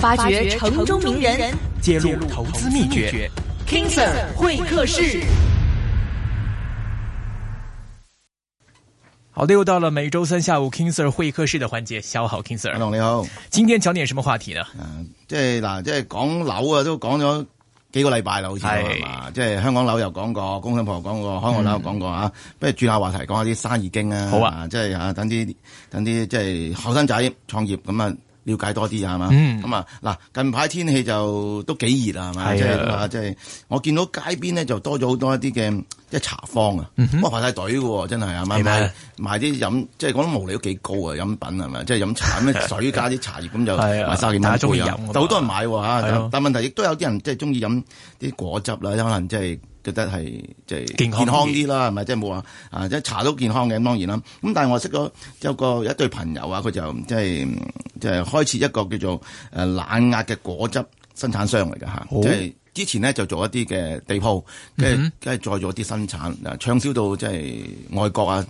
發掘城中名人，揭露投資秘訣。King Sir 會客室，好的，又到了每周三下午 King Sir 會客室的環節。小午好，King Sir，阿龍你好，今天講點什麼話題呢？即係嗱，即係講樓啊，都講咗幾個禮拜啦，好似係嘛。即係香港樓又講過，工商舖又講過，香港樓又講過啊。嗯、不如轉下話題，講下啲生意經啊。好啊，即係啊，等啲等啲，即係後生仔創業咁啊。了解多啲啊嘛，咁啊嗱，近排天氣都的就都幾熱啊嘛，即係即係我見到街邊咧就多咗好多一啲嘅即係茶坊啊，哇、嗯、哼排晒隊嘅真係啊嘛，賣啲的飲即係嗰種毛利都幾高啊，飲品係咪？即係飲茶咁水加啲茶葉咁 的就賣三千蚊一杯啊，就好多人買喎，的但問題亦都有啲人即係中意飲啲果汁啦，可能即、就、係、是。覺得係即係健康啲啦，係咪？即係冇話啊，即係查到健康嘅，當然啦。咁但係我識咗有個一對朋友啊，佢就即係即係開設一個叫做誒冷壓嘅果汁生產商嚟㗎吓，即係好。即係之前呢，就做一啲嘅地鋪，跟住跟住再做一啲生產，暢銷到即係外國啊，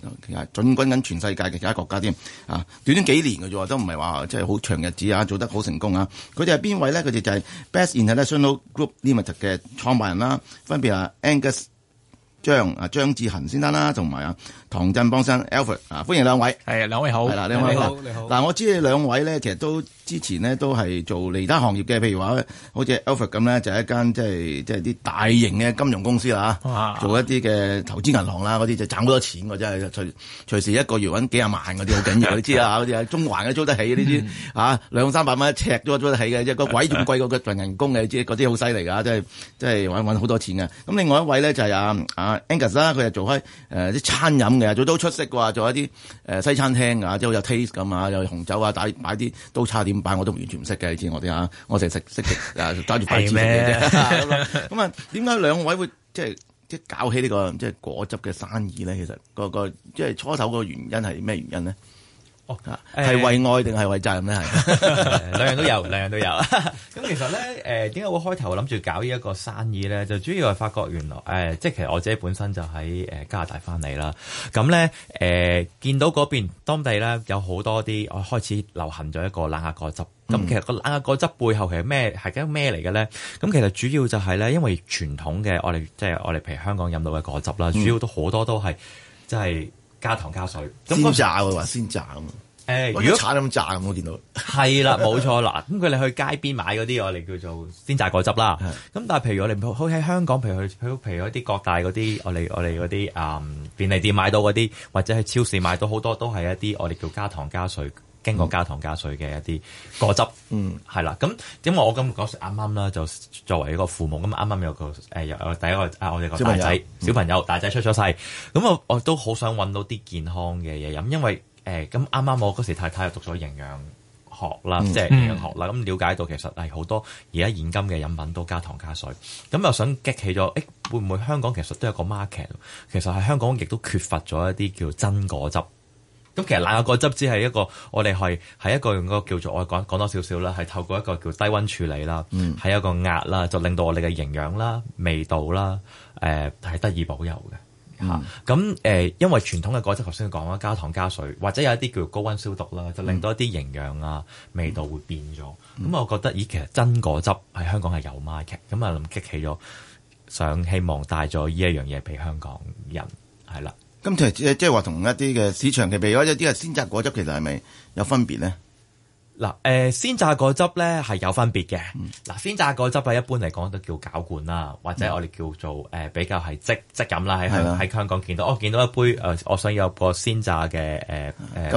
進軍緊全世界嘅其他國家添。啊，短短幾年嘅啫，都唔係話即係好長日子啊，做得好成功啊。佢哋係邊位咧？佢哋就係 Bless International Group Limited 嘅創辦人啦，分別係 Angus 張啊張志恒先生啦，同埋啊。唐振邦生，Albert 啊，歡迎兩位，係、哎、啊，兩位好，係啦，兩位好，你好，啊、你好。嗱、啊，我知道你兩位咧，其實都之前呢，都係做其他行業嘅，譬如話，好似 Albert 咁咧，就係、是、一間即係即係啲大型嘅金融公司啦，啊啊啊、做一啲嘅投資銀行啦嗰啲，就是、賺好多錢嘅真係，隨隨時一個月揾幾廿萬嗰啲好緊要，你知啊，好似係中環都租得起呢啲，嚇兩三百蚊一尺都租得起嘅，即、就、係、是那個位仲貴過個份人工嘅，即係嗰啲好犀利㗎，即係即係揾揾好多錢嘅。咁 又 for imag ining、就是、另外一位咧就係、是、啊啊 Angus 啦，佢、呃、就做開誒啲餐飲。 做都出色啩，做一啲誒西餐廳啊，即係好有 taste 咁啊，有紅酒啊，擺擺啲都差點擺，我都完全唔識嘅。你知我哋嚇，我成日食識食啊，揸住擺咩咁啊，點解 嗎 兩位會即係即係搞起呢個即係果汁嘅生意咧？其實個個即係初手個原因係咩原因咧？哦，係、欸、為愛定係為責任咧？係 兩 樣都有，兩樣都有。咁 其實咧，誒、呃，點解我開頭諗住搞呢一個生意咧？就主要係發覺原來，誒、呃，即係其實我自己本身就喺誒加拿大翻嚟啦。咁咧，誒、呃，見到嗰邊當地咧有好多啲，我開始流行咗一個冷壓果汁。咁、嗯、其實個冷壓果汁背後其實咩係緊咩嚟嘅咧？咁其實主要就係咧，因為傳統嘅我哋即係我哋譬如香港飲到嘅果汁啦，嗯、主要都好多都係即係。就是加糖加水，煎炸喎話先炸咁，誒，如果炒咁炸咁我見到係啦，冇 錯啦。咁佢哋去街邊買嗰啲，我哋叫做鮮榨果汁啦。咁是的 但係譬如我哋喺香港，譬如譬如嗰啲各大嗰啲，我哋我哋嗰啲啊便利店買到嗰啲，或者喺超市買到好多都係一啲我哋叫加糖加水。經過加糖加水嘅一啲果汁，嗯，係啦，咁咁我我咁講啱啱啦，就作為一個父母咁，啱啱有個誒、呃、有第一個啊，我哋個大仔小朋友大仔出咗世，咁我我都好想搵到啲健康嘅嘢飲，因為誒咁啱啱我嗰時太太又讀咗營養學啦，嗯、即係營養學啦，咁、嗯、了解到其實係好多而家現今嘅飲品都加糖加水，咁又想激起咗誒會唔會香港其實都有個 market，其實喺香港亦都缺乏咗一啲叫真果汁。咁其實冷壓果汁只係一個，我哋係喺一個用嗰個叫做，我講講多少少啦，係透過一個叫低溫處理啦，係、嗯、一個壓啦，就令到我哋嘅營養啦、味道啦，誒、呃、係得以保有嘅嚇。咁誒、嗯，嗯嗯、因為傳統嘅果汁頭先講啦，加糖加水，或者有一啲叫高溫消毒啦，就令到一啲營養啊、味道會變咗。咁、嗯嗯、我覺得咦，其實真果汁喺香港係有 market，咁啊諗激起咗想希望帶咗呢一樣嘢俾香港人係啦。咁就誒，即係話同一啲嘅市場其，譬如話一啲係鮮榨果汁，其實係咪有分別咧？嗱，誒鮮、呃、榨果汁咧係有分別嘅。嗱、嗯，鮮榨果汁咧一般嚟講都叫攪罐啦，或者我哋叫做誒、呃、比較係即即飲啦。喺喺的香港見到我、哦、見到一杯誒、呃，我想有個鮮榨嘅誒誒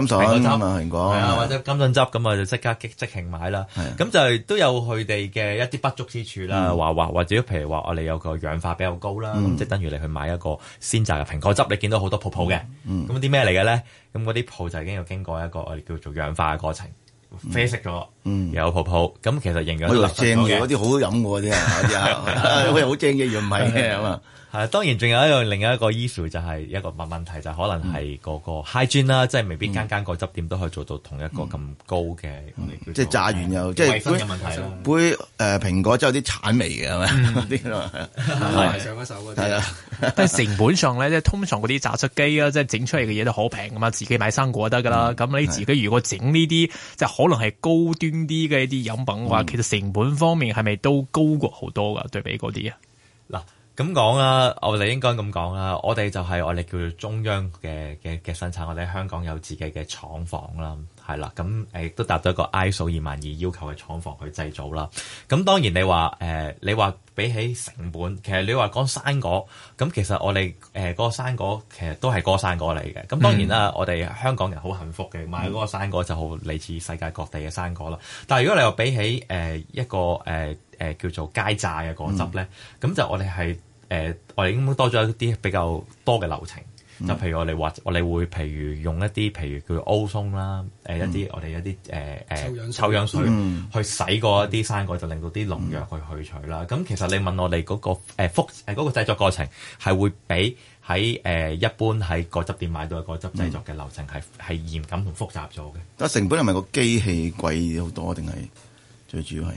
蘋果汁啊，果的或者甘筍汁咁我就即刻即即興買啦。咁的就係都有佢哋嘅一啲不足之處啦，或或、嗯、或者譬如話我哋有個氧化比較高啦，咁、嗯、即等於你去買一個鮮榨嘅蘋果汁，你見到好多泡泡嘅，咁啲咩嚟嘅咧？咁嗰啲泡就已經要經過一個我哋叫做氧化嘅過程。啡色咗，嗯，有泡泡，咁其實營養。正嘅，嗰啲好飲嘅，真係， 啊？ 又 好正嘅玉米嘅啊。係啊，當然仲有一樣另一一個 issue 就係一個問問題就可能係嗰個 high 端啦，即係未必間間果汁店都可以做到同一個咁高嘅，即係榨完又即係。衛生嘅問題。杯誒蘋果即有啲橙味嘅，係咪？啲係上一手嗰啲。係啊，但係成本上咧，即係通常嗰啲榨汁機啊，即係整出嚟嘅嘢都好平㗎嘛，自己買生果得㗎啦。咁你自己如果整呢啲，即係可能係高端啲嘅一啲飲品嘅話，其實成本方面係咪都高過好多㗎？對比嗰啲啊，嗱。咁講啦，我哋應該咁講啦，我哋就係我哋叫做中央嘅嘅嘅生產，我哋香港有自己嘅廠房啦，係啦，咁亦都達到一個 ISO 二萬二要求嘅廠房去製造啦。咁當然你話誒、呃，你話比起成本，其實你話講生果，咁其實我哋誒嗰個生果其實都係個生果嚟嘅。咁當然啦、啊，嗯、我哋香港人好幸福嘅，買嗰個生果就好，嚟自世界各地嘅生果啦。嗯、但係如果你話比起誒、呃、一個誒，呃誒叫做街榨嘅果汁咧，咁、嗯、就我哋係誒，我哋已經多咗一啲比較多嘅流程，嗯、就譬如我哋話我哋會譬如用一啲譬如叫做歐松啦，誒一啲我哋一啲誒誒臭氧水，氧水、嗯、去洗過一啲生果，就令到啲農藥去去除啦。咁、嗯、其實你問我哋嗰、那個誒複誒嗰製作過程係會比喺誒、呃、一般喺果汁店買到嘅果汁製作嘅流程係係、嗯、嚴謹同複雜咗嘅。但成本係咪個機器貴好多定係最主要係？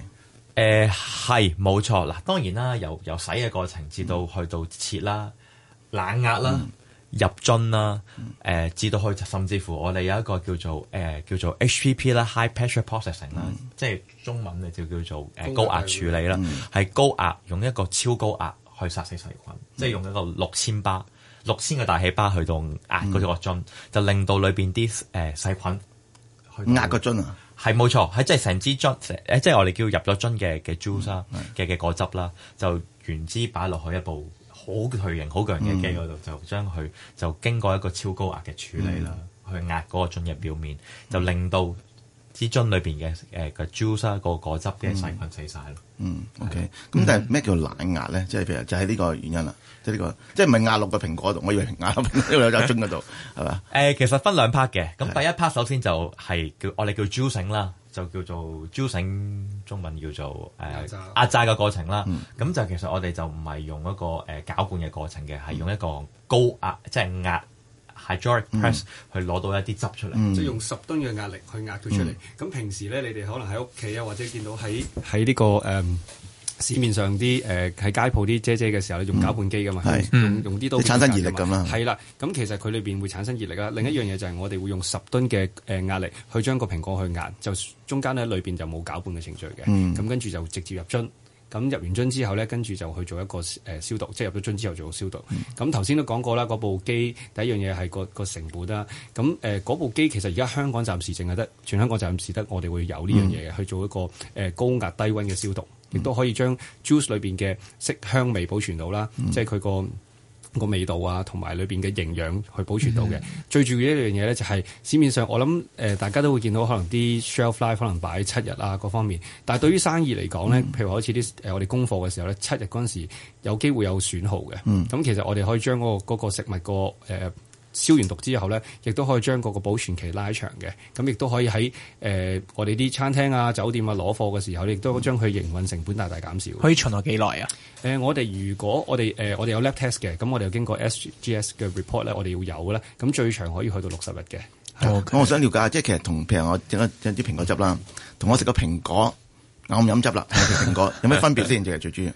誒，係冇錯嗱，當然啦，由由洗嘅過程至到去到切啦、冷壓啦、嗯、入樽啦、誒、嗯呃，至到去甚至乎我哋有一個叫做誒、呃、叫做 HPP 啦，High Pressure Processing 啦、嗯，即係中文就叫做誒高壓處理啦，係高壓、嗯、用一個超高壓去殺死細菌，嗯、即係用一個六千巴、六千個大氣巴去到壓嗰隻個樽，嗯、就令到裏邊啲誒細菌去壓個樽啊。係冇錯，係即係成支樽，誒即係我哋叫入咗樽嘅嘅 juice 啦，嘅嘅果汁啦，嗯、就原汁擺落去一部好巨型、好巨型嘅機嗰度，嗯、就將佢就經過一個超高壓嘅處理啦，嗯、去壓嗰個樽嘅表面，嗯、就令到。支樽裏邊嘅誒個 juice 個果汁嘅細菌死晒咯。呃、嗯，OK。咁但係咩叫冷壓咧？嗯、即係譬如就係呢個原因啦、就是這個。即係呢個即係唔係壓落個蘋果度？我以為壓喺樽嗰度係嘛？誒 吧、呃，其實分兩 part 嘅。咁第一 part 首先就係叫是、啊、我哋叫 juicing 啦，就叫做 juicing，中文叫做誒、呃、壓榨嘅過程啦。咁就、嗯嗯、其實我哋就唔係用一個誒攪拌嘅過程嘅，係用一個高壓，即、就、係、是、壓。Hydraulic press、嗯、去攞到一啲汁出嚟，嗯、即係用十噸嘅壓力去壓佢出嚟。咁、嗯、平時咧，你哋可能喺屋企啊，或者見到喺喺呢個誒、呃、市面上啲誒喺街鋪啲姐姐嘅時候，用攪拌機噶嘛，嗯、用用啲都、嗯、產生熱力咁啦。係啦，咁其實佢裏邊會產生熱力啊。另一樣嘢就係我哋會用十噸嘅誒壓力去將個蘋果去壓，就中間咧裏邊就冇攪拌嘅程序嘅。咁、嗯嗯、跟住就直接入樽。咁入完樽之後咧，跟住就去做一個誒消毒，即係入咗樽之後做個消毒。咁頭先都講過啦，嗰部機第一樣嘢係個個成本啦。咁誒嗰部機其實而家香港暫時淨係得，全香港暫時得，我哋會有呢樣嘢去做一個誒高壓低溫嘅消毒，亦都、嗯、可以將 juice 裏邊嘅色香味保存到啦，嗯、即係佢個。個味道啊，同埋裏邊嘅營養去保存到嘅。 最重要一樣嘢咧，就係市面上我諗誒、呃，大家都會見到可能啲 shelf life 可能擺七日啊，各方面。但係對於生意嚟講咧，嗯、譬如好似啲誒我哋供貨嘅時候咧，七日嗰陣時有機會有損耗嘅。咁、嗯、其實我哋可以將嗰、嗰個嗰個食物個誒。呃消完毒之後咧，亦都可以將嗰個保存期拉長嘅，咁亦都可以喺誒、呃、我哋啲餐廳啊、酒店啊攞貨嘅時候，亦都將佢營運成本大大減少。可以存落幾耐啊？誒、呃，我哋如果我哋誒、呃、我哋有 lab test 嘅，咁我哋又經過 SGS 嘅 report 咧，我哋要有嘅咧，咁最長可以去到六十日嘅。咁 Okay. 我想了解下，即係其實同譬如我整一啲蘋果汁啦，同我食個蘋果，唔飲汁啦，食蘋果， 有咩分別先？ 最主要。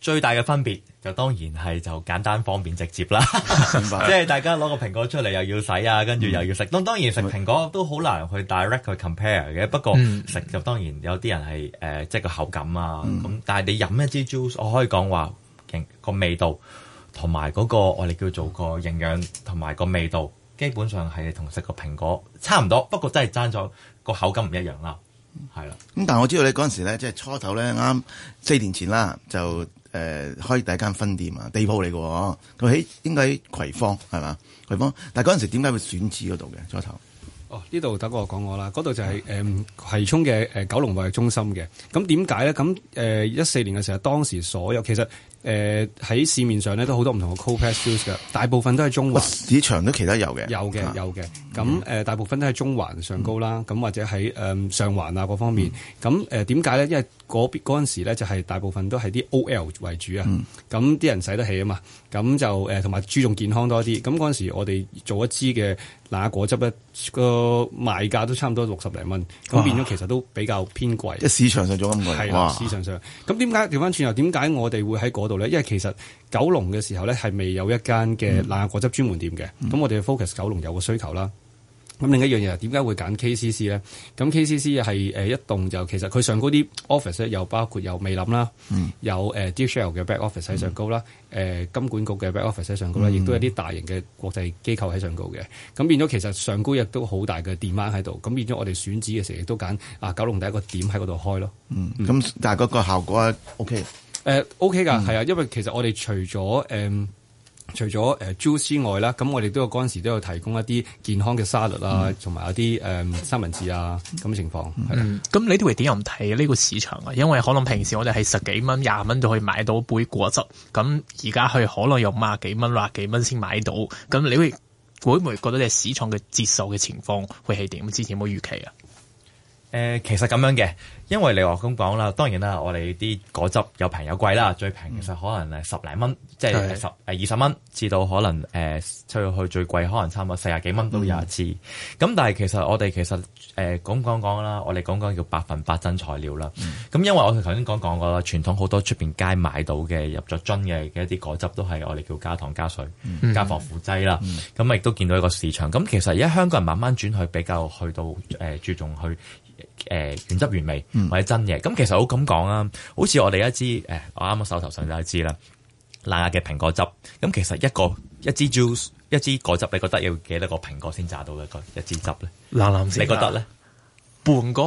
最大嘅分別就當然係就簡單方便直接啦，白 即係大家攞個蘋果出嚟又要洗啊，跟住、嗯、又要食。當當然食蘋果都好難去 direct 去 compare 嘅、嗯，不過食就當然有啲人係誒、呃、即係個口感啊咁。嗯、但係你飲一支 juice，我可以講話個味道同埋嗰個我哋叫做個營養同埋個味道，基本上係同食個蘋果差唔多，不過真係爭咗個口感唔一樣啦。係啦，咁、嗯、但係我知道你嗰陣時咧，即係初頭咧啱四年前啦就。誒、呃、開第一間分店啊，地鋪嚟嘅，佢喺應該喺葵芳係嘛？葵芳，但係嗰陣時點解會選址嗰度嘅初頭？左哦，呢度等我講過啦，嗰度就係、是、誒、呃、葵涌嘅誒九龍貿易中心嘅。咁點解咧？咁誒一四年嘅時候，當時所有其實。誒喺、呃、市面上咧都好多唔同嘅 cold press juice 嘅，大部分都係中環市場都其他有嘅，有嘅有嘅。咁誒、嗯呃、大部分都係中環上高啦，咁、嗯、或者喺誒、呃、上環啊各方面。咁誒點解咧？因為嗰嗰時咧就係大部分都係啲 OL 為主啊，咁啲、嗯、人使得起啊嘛。咁就誒同埋注重健康多啲。咁嗰陣時我哋做一支嘅蘭果汁咧，個賣價都差唔多六十零蚊，咁哇變咗其實都比較偏貴。即、嗯、市場上做咁貴，係哇市場上，上。咁點解調翻轉又點解我哋會喺嗰？度咧，因為其實九龍嘅時候咧，係未有一間嘅冷壓果汁專門店嘅。咁、嗯、我哋 focus 九龍有個需求啦。咁、嗯、另一樣嘢，點解會揀 KCC 咧？咁 KCC 係誒、呃、一棟就是、其實佢上高啲 office 咧，有包括有美林啦，嗯、有誒、呃、d e l share 嘅 back office 喺上高啦，誒、嗯呃、金管局嘅 back office 喺上高啦，嗯、亦都有啲大型嘅國際機構喺上高嘅。咁變咗其實上高亦都好大嘅 demand 喺度。咁變咗我哋選址嘅時候亦都揀啊九龍第一個點喺嗰度開咯。咁但係嗰個效果咧 OK。誒、uh，OK 噶，係啊、嗯，因為其實我哋除咗誒、嗯，除咗誒 juice 之外啦，咁我哋都有嗰陣時都有提供一啲健康嘅沙律啊，同埋、嗯、一啲誒、嗯、三文治啊咁情況。咁你哋會點又唔睇呢個市場啊？因為可能平時我哋係十幾蚊、廿蚊就可以買到一杯果汁，咁而家係可能有五啊幾蚊、六啊幾蚊先買到。咁你會會唔會覺得你市場嘅接受嘅情況會係點？之前有冇預期啊？誒，其實咁樣嘅，因為你話咁講啦，當然啦，我哋啲果汁有平有貴啦，最平其實可能誒十零蚊，即係十誒二十蚊至到可能誒出去去最貴，可能差唔多四十幾蚊都廿支。咁但係其實我哋其實誒講講講啦，我哋講講叫百分百真材料啦。咁因為我哋頭先講講過啦，傳統好多出面街買到嘅入咗樽嘅嘅一啲果汁，都係我哋叫加糖加水加防腐劑啦。咁亦都見到一個市場。咁其實而家香港人慢慢轉去比較去到誒注重去。誒，原汁原味、嗯、或者真嘅。咁其實好咁講啊，好似我哋一支誒，我啱啱手頭上有一支啦，冷壓嘅蘋果汁，咁其實一個一支 juice，一支果汁，你覺得要幾多個蘋果先榨到嘅一一支汁咧？林林，你覺得咧？半個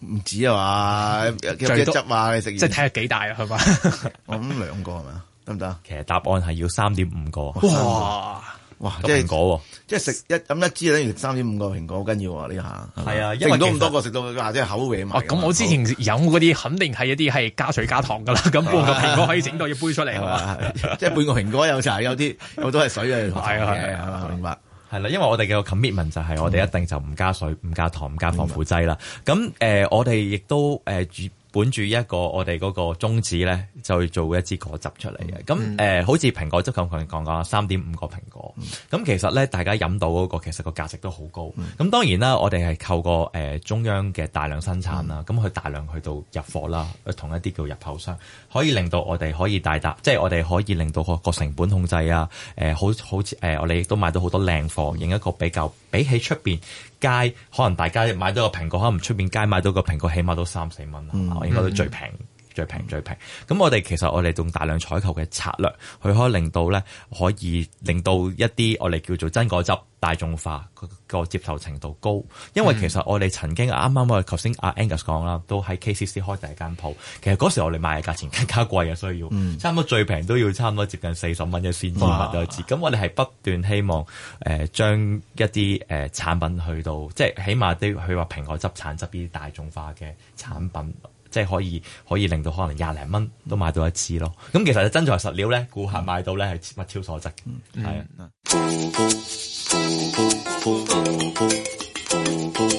唔止啊嘛，幾多汁啊？你食完即係睇下幾大啊，係嘛？咁 兩個係咪得唔得？ 其實答案係要三點五個。哇哇，即係蘋果。即係食一飲一支咧，三點五個蘋果好緊要啊！呢下係啊，因為都咁多個食到，哇！即係口味嘛。哦，咁我之前飲嗰啲肯定係一啲係加水加糖噶啦。咁半個蘋果可以整到一杯出嚟，係嘛？即係半個蘋果有成有啲，我都係水嘅。係嘅。明白。係啦，因為我哋嘅 commitment 就係我哋一定就唔加水、唔加糖、唔加防腐劑啦。咁誒，我哋亦都誒煮。管住一個我哋嗰個宗旨咧，就去做一支果汁出嚟嘅。咁誒、嗯呃，好似蘋果汁咁講講啦，三點五個蘋果。咁、嗯、其實咧，大家飲到嗰、那個其實個價值都好高。咁、嗯、當然啦，我哋係透過誒中央嘅大量生產啦，咁佢、嗯、大量去到入貨啦，嗯、同一啲叫入口商，可以令到我哋可以大達，即係、嗯、我哋可以令到個成本控制啊。誒、呃，好好誒、呃呃，我哋亦都買到好多靚貨,貨，影一個比較比,較比起出邊。街可能大家買到個蘋果，可能出邊街買到個蘋果，起碼都三四蚊啦，嗯，應該都最平。最平最平，咁我哋其實我哋用大量採購嘅策略，佢可以令到咧，可以令到一啲我哋叫做真果汁、大眾化個接受程度高。因為其實我哋曾經啱啱我哋頭先阿 Angus 講啦，都喺 KCC 開第一間鋪。其實嗰時我哋賣嘅價錢更加貴嘅，需要差唔多最平都要差唔多接近四十蚊一先至買到一支。咁哇我哋係不斷希望誒、呃、將一啲誒、呃、產品去到，即係起碼都佢話蘋果汁、橙汁呢啲大眾化嘅產品。即係可以可以令到可能廿零蚊都買到一次咯，咁其實真材實料咧，顧客買到咧係物超所值，係啊。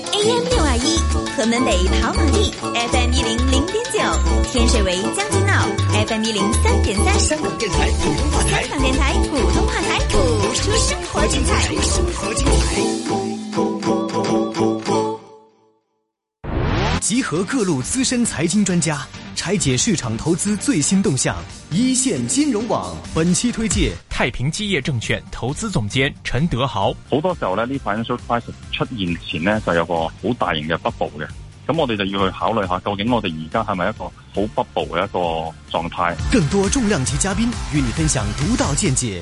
AM 621屯門跑馬地，FM 100.9天水圍將軍澳，FM 103.3香港電台普通話台，香港電台普通話台，普通話台，生活精彩。集合各路資深財經專家，拆解市場投資最新動向。一線金融網本期推介太平基業證券投資總監陳德豪。好多時候呢，呢款 show price 出現前呢，就有個好大型嘅 bubble 嘅，咁我哋就要去考慮下，究竟我哋而家係咪一個好 bubble 嘅一個狀態？更多重量級嘉賓與你分享獨到見解。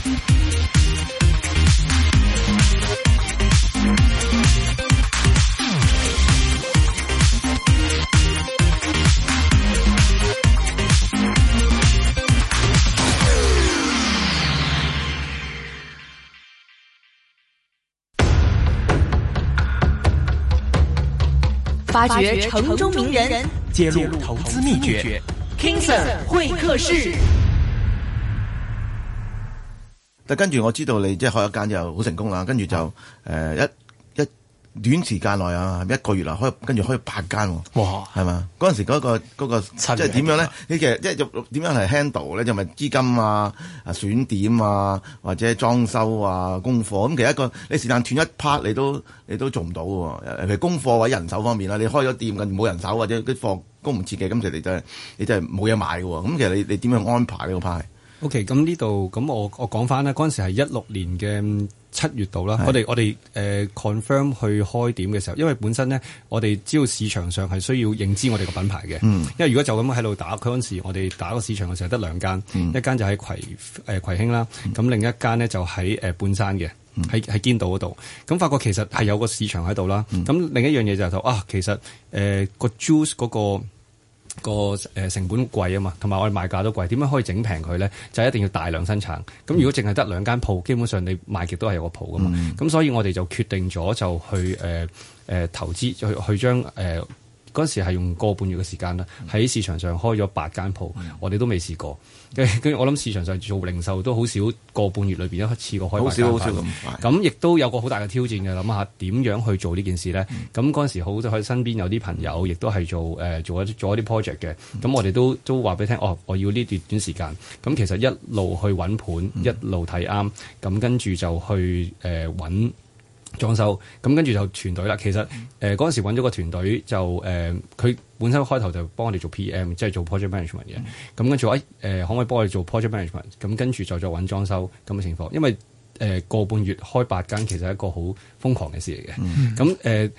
發掘城中名人，揭露投資秘訣。King Sir 會客室。但跟住我知道你即係開一間就好成功啦，跟住就誒、呃、一。短時間內啊，一個月啊，開跟住開八間喎，係嘛？嗰陣時嗰、嗰個、嗰個、新月 即係點樣咧？你其實一入點樣嚟 handle 咧，就咪資金啊、選點啊，或者裝修啊、供貨咁。其實一個你時間斷一 part，你都你都做唔到喎。譬如供貨或者人手方面啦，你開咗店緊冇人手，或者啲貨供唔切嘅，咁就你就係你真係冇嘢賣嘅喎。咁其實你你點樣安排呢個 part？OK，咁呢度咁我我講翻咧，嗰陣時係一六年嘅七月度啦。我哋的我哋誒、uh, confirm 去開點嘅時候，因為本身呢，我哋知道市場上係需要認知我哋個品牌嘅。嗯、因為如果就咁喺度打，佢嗰陣時我哋打個市場嘅時候得兩間，嗯、一間就喺葵誒、呃、葵興啦，咁、嗯、另一間呢就喺誒、呃、半山嘅，喺喺、嗯、堅道嗰度。咁發覺其實係有個市場喺度啦。咁、嗯、另一樣嘢就係、是、話啊，其實誒個 juice 嗰個。個誒成本貴啊嘛，同埋我哋賣價都貴，點樣可以整平佢咧？就係、一定要大量生產。咁如果淨係得兩間鋪，基本上你賣極都係有個鋪噶嘛。咁、嗯、所以我哋就決定咗就去誒誒、呃呃、投資去去將誒。呃嗰時係用個半月嘅時間啦，喺市場上開咗八間鋪，嗯、我哋都未試過。跟住、嗯、我諗市場上做零售都少好少個半月裏邊一次過開八間鋪咁，亦都有個好大嘅挑戰嘅。諗下點樣去做呢件事呢。咁嗰、嗯、時好在身邊有啲朋友，亦都係做誒、呃、做、做一做一啲 project 嘅。咁、嗯、我哋都都話俾你聽，哦，我要呢段短時間。咁其實一路去揾盤，一路睇啱，咁、嗯、跟住就去誒揾。裝修咁，跟住就團隊啦。其實誒嗰陣時揾咗個團隊就誒佢、呃、本身開頭就幫我哋做 PM，即係做 project management 嘅。咁跟住我可唔可以幫我哋做 project management？咁跟住再再揾裝修咁嘅情況。因為誒個、呃、半月開八間其實係一個好瘋狂嘅事嚟嘅。咁誒、嗯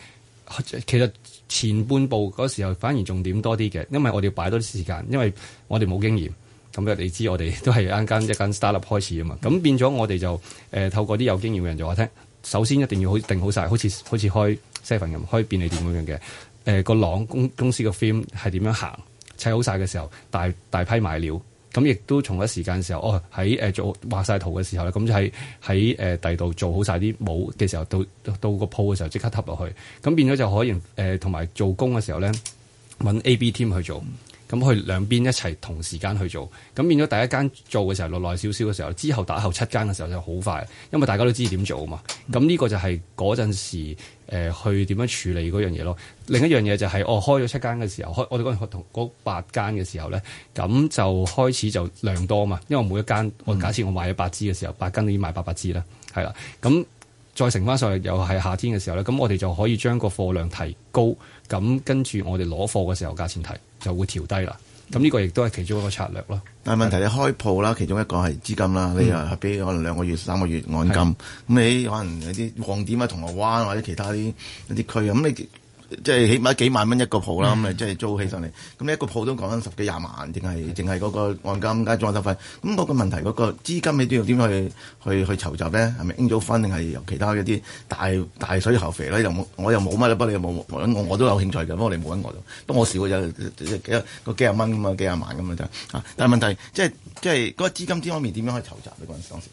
呃、其實前半部嗰時候反而重點多啲嘅，因為我哋要擺多啲時間，因為我哋冇經驗。咁啊你知我哋都係啱啱一間 startup 開始啊嘛。咁變咗我哋就誒、呃、透過啲有經驗嘅人就話聽。首先一定要好定好晒，好似好似開 seven 咁，開便利店咁樣嘅。誒、呃、個廊公公司個 film 係點樣行砌好晒嘅時候，大大批買料咁，亦都同一時間嘅時候，哦喺誒做畫晒圖嘅時候咧，咁就喺喺誒第二度做好晒啲帽嘅時候，到到個鋪嘅時候即刻揼落去。咁變咗就可以誒同埋做工嘅時候咧揾 A B team 去做。咁去兩邊一齊同時間去做，咁變咗第一間做嘅時候落耐少少嘅時候，之後打後七間嘅時候就好快，因為大家都知點做啊嘛。咁呢、嗯、個就係嗰陣時、呃、去點樣處理嗰樣嘢咯。另一樣嘢就係、是、哦，開咗七間嘅時候，開我哋嗰陣同八間嘅時候咧，咁就開始就量多啊嘛。因為每一間我、嗯、假設我買咗八支嘅時候，八間已經買八百支啦，係啦，咁。再乘翻上嚟，又係夏天嘅時候咧，咁我哋就可以將個貨量提高，咁跟住我哋攞貨嘅時候價錢提就會調低啦。咁呢個亦都係其中一個策略咯。但係問題你開鋪啦，其中一個係資金啦，嗯、你啊俾可能兩個月、三個月按金，咁的你可能有啲旺點啊，銅鑼灣或者其他啲一啲區啊，咁你。即係起碼幾萬蚊一個鋪啦，咁咪的即係租起上嚟。咁的一個鋪都講緊十幾廿萬，定係淨係嗰個按金加裝修費咁嗰、那個問題，嗰、那個資金你都要點去去去，去籌集呢？係咪拎咗分定係由其他一啲大大水喉肥咧？又冇我又冇乜啦，不過你又冇我，我都有興趣嘅，不過你冇揾我都我少嘅有幾，幾十蚊咁啊，幾十萬咁啊就。但係問題即係即係嗰、那個資金呢方面點樣去以籌集呢？嗰陣時當時。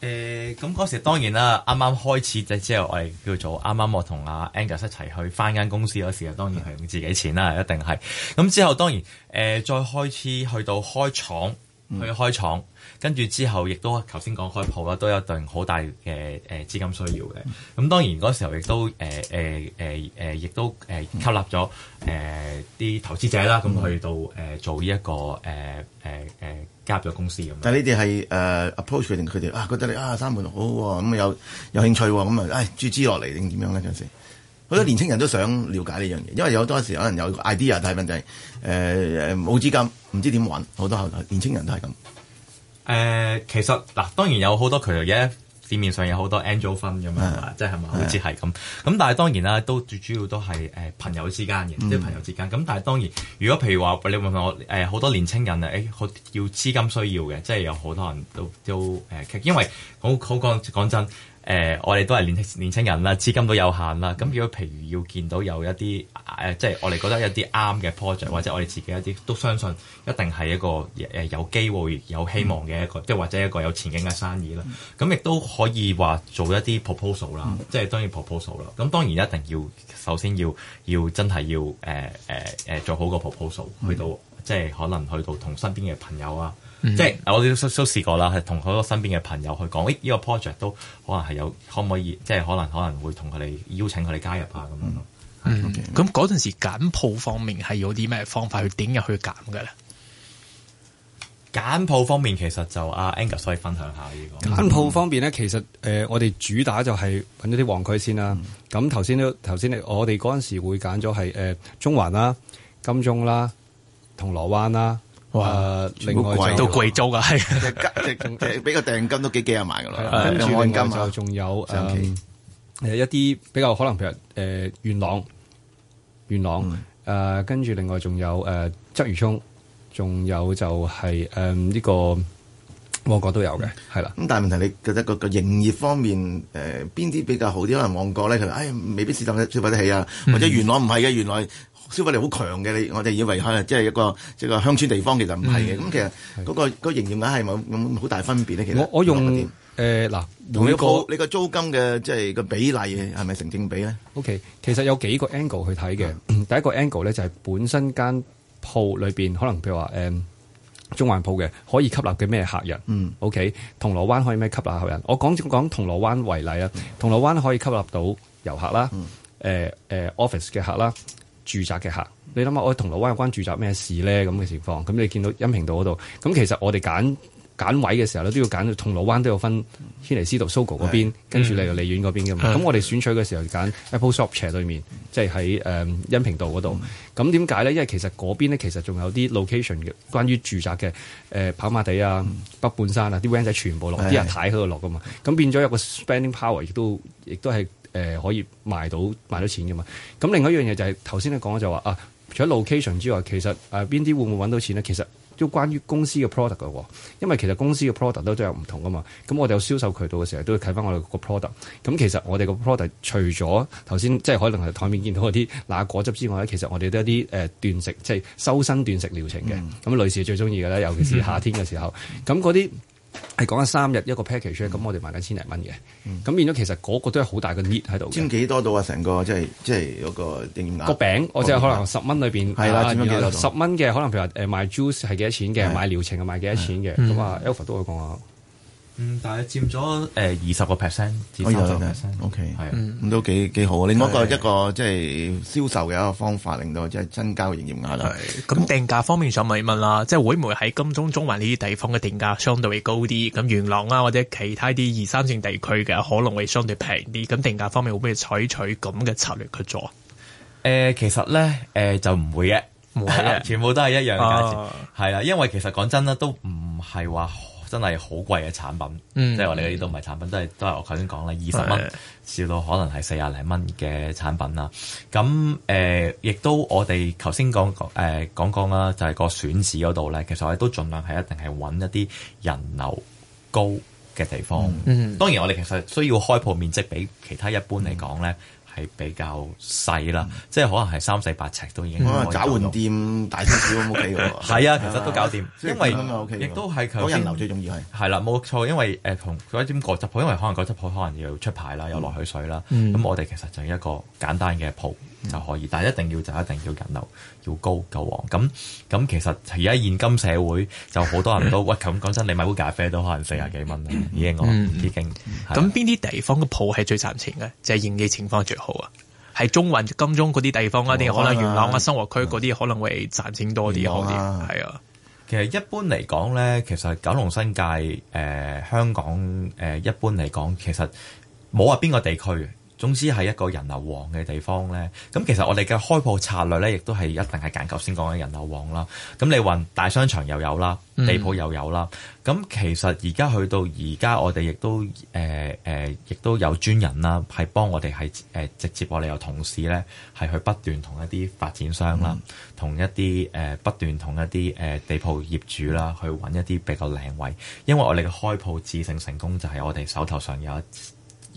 誒咁嗰時當然啦，啱啱開始即係我哋叫做啱啱我同阿 Angus 一齊去翻間公司嗰時啊，當然係用自己錢啦，一定係。咁之後當然誒、呃、再開始去到開廠。嗯、去開廠，跟住之後亦都頭先講開鋪啦，都有一頓好大嘅誒、呃、資金需要嘅。咁、嗯、當然嗰時候亦都誒誒誒誒，亦、呃呃呃、都誒、呃、吸納咗誒啲投資者啦，咁、嗯、去到誒、呃、做呢、這、一個誒誒誒加入咗公司咁樣，但係你哋係誒 approach 佢定佢哋啊？覺得你啊三門好咁、啊、有有興趣咁啊，誒、哎、注資落嚟定點樣咧？暫時。好多年青人都想了解呢樣嘢，因為有好多時可能有 idea，但係問題係誒冇資金，唔知點揾。好多後年青人都係咁。誒、呃，其實嗱，當然有好多渠道嘅，市面上有好多 angel fund 咁、嗯、吧樣，即係係咪，好似係咁。咁但係當然啦，都最主要都係誒朋友之間嘅，即係朋友之間。咁但係當然，如果譬如話你問我誒，好、呃、多年青人啊，誒、欸，要資金需要嘅，即係有好多人都都誒、呃，因為好好講講真。誒、呃，我哋都係年輕年輕人啦，資金都有限啦。咁如果譬如要見到有一啲誒，即、呃、係、即係、我哋覺得有啲啱嘅 project，或者我哋自己一啲都相信，一定係一個誒有機會有希望嘅一個，即係、嗯、或者一個有前景嘅生意啦。咁亦都可以話做一啲 proposal 啦、嗯，即係當然 proposal 啦。咁當然一定要首先要要真係要誒誒誒做好個 proposal、嗯、去到即係、即係、可能去到同身邊嘅朋友啊。嗯、即係我哋都都試過啦，係同好多身邊嘅朋友去講，誒、哎、呢、這個 project 都可能係有可唔可以，即係可能可能會同佢哋邀請佢哋加入啊咁、嗯、樣咯。咁嗰陣時揀鋪方面係有啲咩方法去點入去揀嘅咧？揀鋪方面其實就阿、啊、Angus 可以分享下呢、這個。揀鋪方面咧，其實誒、呃、我哋主打就係揾咗啲旺區先啦。咁頭先都頭先我哋嗰陣時會揀咗係誒中環啦、金鐘啦、銅鑼灣啦。哇！另外都貴租噶，係即係俾個定金都幾幾廿萬噶啦，按金 啊。就仲有誒誒一啲比較可能譬如誒元朗、元朗、嗯、啊，跟住另外仲有誒鰂魚湧，仲、呃、有就係誒呢個旺角都有嘅，係啦。咁但係問題你覺得個個營業方面誒邊啲比較好啲？可能旺角咧，佢哋唉未必市場佢消費得起啊，嗯、或者元朗唔係嘅元朗。消費力好強嘅，你我哋以為嚇，即係一個即係個鄉村地方，其實唔係嘅。咁、嗯、其實嗰個嗰個營業額係冇好大分別咧。其實我我用誒嗱同一個，用一個你個租金嘅即係個比例係咪成正比咧？OK，其實有幾個 angle 去睇嘅。啊、第一個 angle 咧就係本身間鋪裏邊可能譬如話誒、嗯、中環鋪嘅可以吸納嘅咩客人？嗯。OK，銅鑼灣可以咩吸納客人？我講講銅鑼灣為例啊，銅鑼灣可以吸納到遊客啦，誒誒 office 嘅客啦。住宅嘅客，你諗下我喺銅鑼灣關住宅咩事咧？咁嘅情況，咁你見到恩平道嗰度，咁其實我哋揀揀位嘅時候咧，都要揀銅鑼灣都有分軒尼詩道、Sogo 嗰邊，跟住嚟利園嗰邊嘅嘛。咁、嗯、我哋選取嘅時候揀 Apple Shop 斜對面，即係喺誒恩平道嗰度。咁點解咧？因為其實嗰邊咧其實仲有啲 location 嘅，關於住宅嘅誒、呃、跑馬地啊、北半山啊，啲 van 仔全部落啲人睇喺度落嘅嘛。咁、嗯嗯、變咗一個 spending power 亦都亦都係。誒、呃、可以賣到賣到錢嘅嘛？咁另外一樣嘢就係頭先你講嘅就話啊，除咗 location 之外，其實誒邊啲會唔會揾到錢呢？其實都關於公司嘅 product 㗎喎，因為其實公司嘅 product 都都有唔同㗎嘛。咁我哋有銷售渠道嘅時候，都要睇翻我哋個 product。咁其實我哋個 product 除咗頭先即係可能係台面見到嗰啲拿果汁之外咧，其實我哋都一啲誒、呃、斷食，即係修身斷食療程嘅。咁女、mm. 似最中意嘅咧，尤其是夏天嘅時候。咁啲。 係講緊三日一個 package 咁、嗯、我哋賣緊千零蚊嘅，咁、嗯、變咗其實嗰個都係好大嘅 need 喺度。千幾多度啊？成個即係即係嗰個定額個餅，個餅我只係可能十蚊裏邊，然後十蚊嘅可能譬如話誒賣 juice 係幾多錢嘅，賣療程啊賣幾多錢嘅，咁啊 Albert 都可以講下。嗯，但係佔咗誒二十個 percent，至二十 percent。O K，係啊，咁都幾幾好啊！另外一個一個即係銷售嘅一個方法，令到即係增加營業額啦。咁、嗯，嗯、定價方面想問一問啦，即係、嗯、會唔會喺金鐘、中環呢啲地方嘅定價相對會高啲？咁元朗啊，或者其他啲二三線地區嘅，可能會相對平啲。咁定價方面會唔會採取咁嘅策略去做？誒、呃，其實咧，誒、呃、就唔會嘅，唔 全部都係一樣嘅價錢。係、啊、 因為其實講真啦，都唔係話。真係好貴嘅產品，嗯、即係我哋呢度唔係產品、嗯、都係都係我頭先講啦，二十蚊，少的到可能係四十零蚊嘅產品啦。咁誒，亦、呃、都我哋頭先講誒講講啦，就係、是、個選址嗰度咧，其實我哋都盡量係一定係揾一啲人流高嘅地方。嗯，當然我哋其實需要開鋪面積比其他一般嚟講咧。嗯嗯係比較細啦，即係可能係三四百尺都已經找換店大少少 OK 喎。係啊，其實都搞掂，因為亦都係佢人流最重要係。係啦冇錯，因為誒同嗰一啲果汁舖，因為可能果汁舖可能要出牌啦，有落去水啦，咁我哋其實就係一個簡單嘅鋪。 就可以，但係一定要就一定要人流要高夠旺。咁咁其實而家現今社會就好多人都喂，咁講真，你買杯咖啡都可能四十幾蚊啦，嗯，已經 啊已經。咁邊啲地方嘅鋪係最賺錢嘅？就係，是，營業情況最好啊，係中環、金鐘嗰啲地方啊，定可能元朗啊、生活區嗰啲可能會賺錢多啲，好啲。係啊，啊其實一般嚟講咧，其實九龍新界誒、呃、香港誒、呃、一般嚟講，其實冇話邊個地區。總之係一個人流旺嘅地方咧，咁其實我哋嘅開鋪策略咧，亦都係一定係揀頭先講嘅人流旺啦。咁你話大商場又有啦，嗯、地鋪又有啦，咁其實而家去到而家，我哋亦都誒誒，亦、呃呃、都有專人啦，係幫我哋係誒直接我哋有同事咧，係去不斷同一啲發展商啦，同、嗯、一啲誒、呃、不斷同一啲誒、呃、地鋪業主啦，去揾一啲比較靚位，因為我哋嘅開鋪致勝成，成功就係我哋手頭上有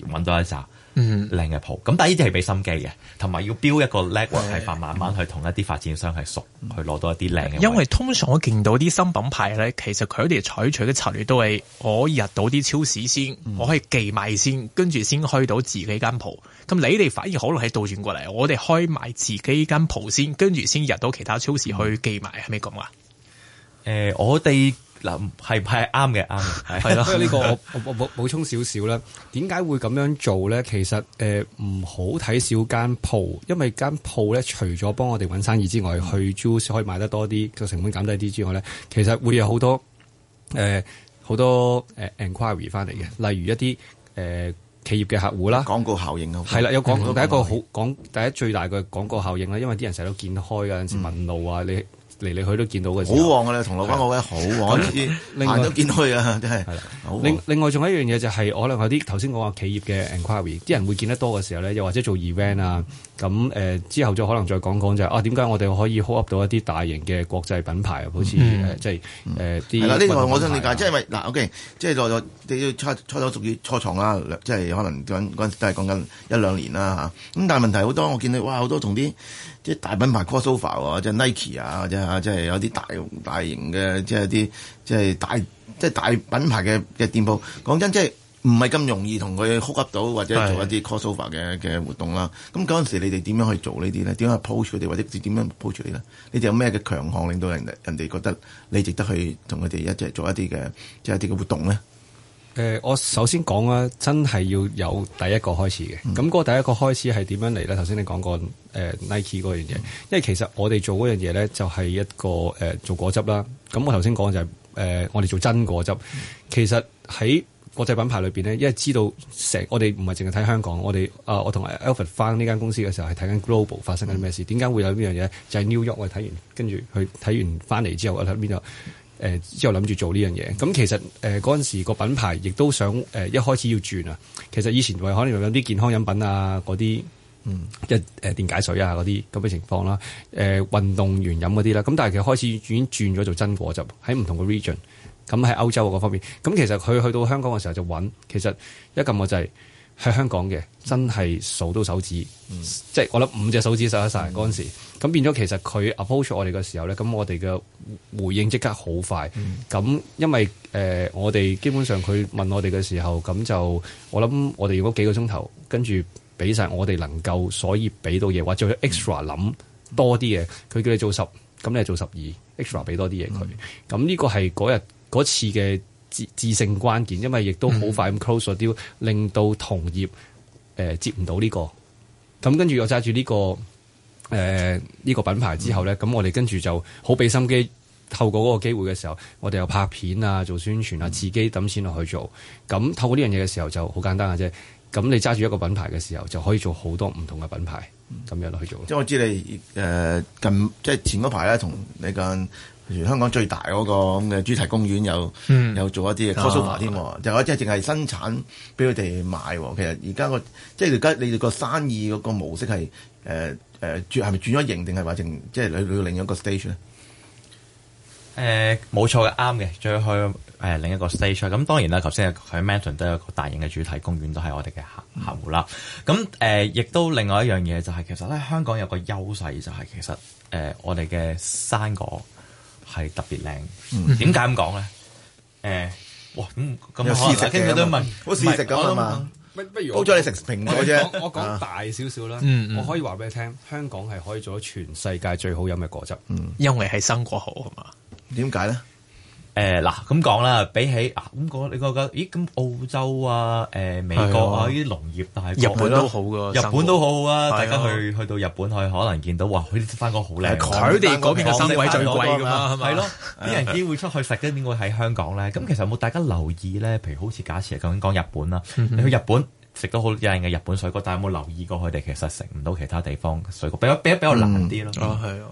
揾到一紮。嗯，靚嘅鋪，咁但呢啲係俾心機嘅，同埋要標一個叻喎，係法慢慢去同一啲發展商係熟，嗯、去攞到一啲靚嘅。因為通常我見到啲新品牌咧，其實佢哋採取嘅策略都係我入到啲超市先，嗯、我可以寄埋先，跟住先開到自己間鋪。咁你哋反而可能係倒轉過嚟，我哋開埋自己間鋪先，跟住先入到其他超市去寄埋，係咪咁啊？誒、呃，我哋。嗱，係唔係啱嘅？啱嘅，係咯。所以呢個我我，我補補充少少啦。點解會咁樣做咧？其實誒唔好睇少間鋪，因為間鋪咧除咗幫我哋揾生意之外，去租可以買得多啲，個成本減低啲之外咧，其實會有好多誒好、呃、多誒 enquiry 翻嚟嘅，例如一啲誒、呃、企業嘅客戶啦，廣告效應啊，係啦，有廣告第一個好，講第一最大嘅廣告效應啦，因為啲人成日都見開啊，有陣時問路啊，你、嗯。嚟嚟去都見到嘅，旺的好旺㗎啦！銅鑼灣嗰位好旺，時另外眼都見去啊！真係。另另外仲有一樣嘢就係我哋話啲頭先講話企業嘅 enquiry，啲人會見得多嘅時候咧，又或者做 event 啊。咁誒、呃、之後就可能再講講就係，啊點解我哋可以 hold up 到一啲大型嘅國際品牌，好似誒即係誒啲係呢個我想理解，即係因為嗱 OK，即係在在初初初屬於初創啦，即係，啊就係，可能嗰陣時都係講緊一兩年啦嚇。咁、啊，但係問題好多，我見到哇好多同啲即係大品牌 crossover 喎，即係 Nike 啊，即係有啲大大型嘅即係啲即係大即係大品牌嘅嘅店鋪，講真即係。就係唔係咁容易同佢 hook up 到，或者做一啲 crossover 嘅嘅活動啦。咁嗰陣時，你哋點樣去做呢啲咧？點樣 approach 佢哋，或者點樣 approach 你咧？你哋有咩嘅強項，令到人哋人哋覺得你值得去同佢哋一齊做一啲嘅即係一啲嘅活動咧？誒、呃，我首先講啦，真係要有第一個開始嘅。咁嗰、嗯、個第一個開始係點樣嚟咧？頭先你講過誒、呃、Nike 嗰樣嘢，嗯、因為其實我哋做嗰樣嘢咧就係、是、一個誒、呃、做果汁啦。咁我頭先講就係、是、誒、呃、我哋做真果汁，其實喺，國際品牌裏邊呢，因為知道成我哋唔係淨係睇香港，我哋啊，我同 Albert 翻呢間公司嘅時候係睇緊 global 發生緊咩事，點解會有呢樣嘢？就係 New York 我哋睇完，跟住佢睇完翻嚟之後，我睇邊度誒？之後諗住做呢樣嘢。咁、嗯、其實誒嗰陣時個品牌亦都想誒、呃、一開始要轉啊。其實以前係可能有啲健康飲品啊嗰啲，嗯一誒、呃、電解水啊嗰啲咁嘅情況啦。誒、呃、運動員飲嗰啲啦。咁但係其實開始已經轉轉咗做真果汁喺唔同嘅 region。咁喺歐洲個方面，咁其實佢去到香港嘅時候就揾，其實一撳我就喺香港嘅，真係數到手指，嗯、即係我諗五隻手指晒一晒，嗰陣時。咁變咗其實佢 approach 我哋嘅時候呢，咁我哋嘅回應即刻好快。咁、嗯、因為誒、呃、我哋基本上佢問我哋嘅時候，咁就我諗我哋如果幾個鐘頭跟住俾晒我哋能夠所以俾到嘢，或者 extra 諗多啲嘢，佢、嗯、叫你做十，咁你做十二，extra 俾多啲嘢佢。咁呢、嗯嗯、個係嗰日。嗰次嘅自自性關鍵，因為亦都好快咁 close 咗啲，令到同業誒、呃、接唔到呢、呢個。咁跟住又揸住呢個誒呢、呃呢個品牌之後咧，咁、嗯、我哋跟住就好俾心機，透過嗰個機會嘅時候，我哋又拍片啊、做宣傳啊、自己抌錢落去做。咁透過呢樣嘢嘅時候，就好簡單嘅啫。咁你揸住一個品牌嘅時候，就可以做好多唔同嘅品牌，咁樣去做。即係、嗯、我知你誒、呃、近，即係前嗰排咧，同你講，譬如香港最大嗰個咁嘅主題公園有、嗯、有做一啲 cosplay 添就係即係淨係生產俾佢哋買。其實而家個即係而家你哋個生意嗰個模式係誒誒轉係咪轉咗型，定係話成即係你去另一個 stage 咧？誒，冇錯嘅，啱嘅，再去誒另一個 stage。咁當然啦，頭先佢 mention 都有個大型嘅主題公園，都係我哋嘅客客戶啦。咁誒，亦都另外一樣嘢就係，其實咧香港有個優勢就係，其實誒我哋嘅生果係特別靚。點解咁講咧？誒，哇，咁咁試都問，好試食咁啊嘛。不如包咗你食蘋果啫。我講大少少啦，我可以話俾你聽，香港係可以做全世界最好飲嘅果汁，因為係生果好啊嘛。點解咧？誒嗱咁講啦，比起啊咁講，你覺得咦？咁澳洲啊、誒、呃、美國啊啲農業，但係日本都好嘅，活日本都好啊！的大家去去到日本去，可能見到哇，佢啲番哥好靚，佢哋嗰邊嘅三位最貴㗎嘛，係咪？係咯，啲人機會出去食一點會喺香港咧？咁其實有冇大家留意咧？譬如好似假設係咁講日本啦， 你去日本。 食到好靚嘅日本水果，但係有冇留意過佢哋其實食唔到其他地方水果，比較比比較難啲咯。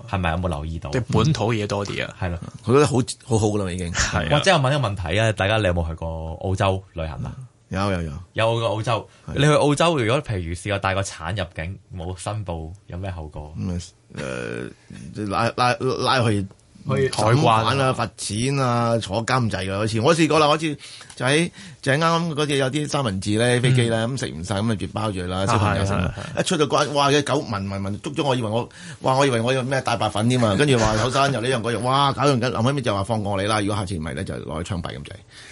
係咪、嗯、有冇留意到？即係本土嘢多啲啊！係咯的，佢覺得好好好啦，已經的。哇！或者我問一個問題啊，大家你有冇去過澳洲旅行啊、嗯？有有有有澳的去澳洲。你去澳洲如果譬如試過帶個橙入境冇申報，有咩後果？誒、嗯呃，拉拉拉去。去台灣啦，罰錢啊，坐監咁滯㗎。好似我試過啦，我試就喺就喺啱啱嗰次有啲三文治咧，飛機咧咁食唔晒，咁啊、嗯，就包住啦，食唔曬。一出到關，哇隻狗聞聞聞，聞，捉咗我，以為我哇，我以為我有咩大白粉添啊，跟住話後生又呢樣嗰樣，哇搞到咁，諗起咩就話放過你啦。如果下次唔係咧，就攞去槍斃咁滯。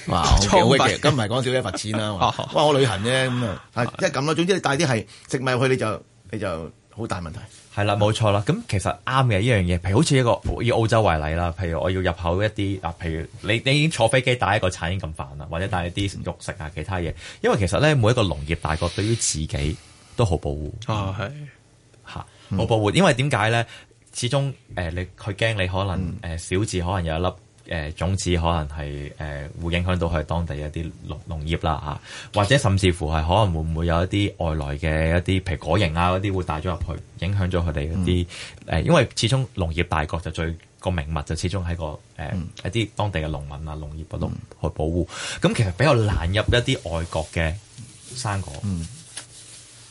哇，幾好嘅。咁唔係講少啲罰錢啦。哇，我旅行啫咁啊，即係咁啦。總之你帶啲係食物去，你就你就好大問題。係啦，冇錯啦。咁其實啱嘅一樣嘢，譬如好似一個以澳洲為例啦，譬如我要入口一啲嗱，譬如你你已經坐飛機帶一個產已經咁煩啦，或者帶一啲肉食啊、其他嘢，因為其實咧每一個農業大國對於自己都好保護啊，係嚇好保護，因為點解咧？始終誒你佢驚你可能誒、呃、小字可能有一粒。誒、呃、種子可能係誒、呃、會影響到佢哋當地一啲農農業啦嚇，或者甚至乎係可能會唔會有一啲外來嘅一啲譬如果形果蠅啊，嗰啲會帶咗入去，影響咗佢哋一啲誒，嗯、因為始終農業大國就最個名物就始終喺個誒、呃、一啲當地嘅農民啊、農業度去保護，咁、嗯、其實比較難入一啲外國嘅生果。嗯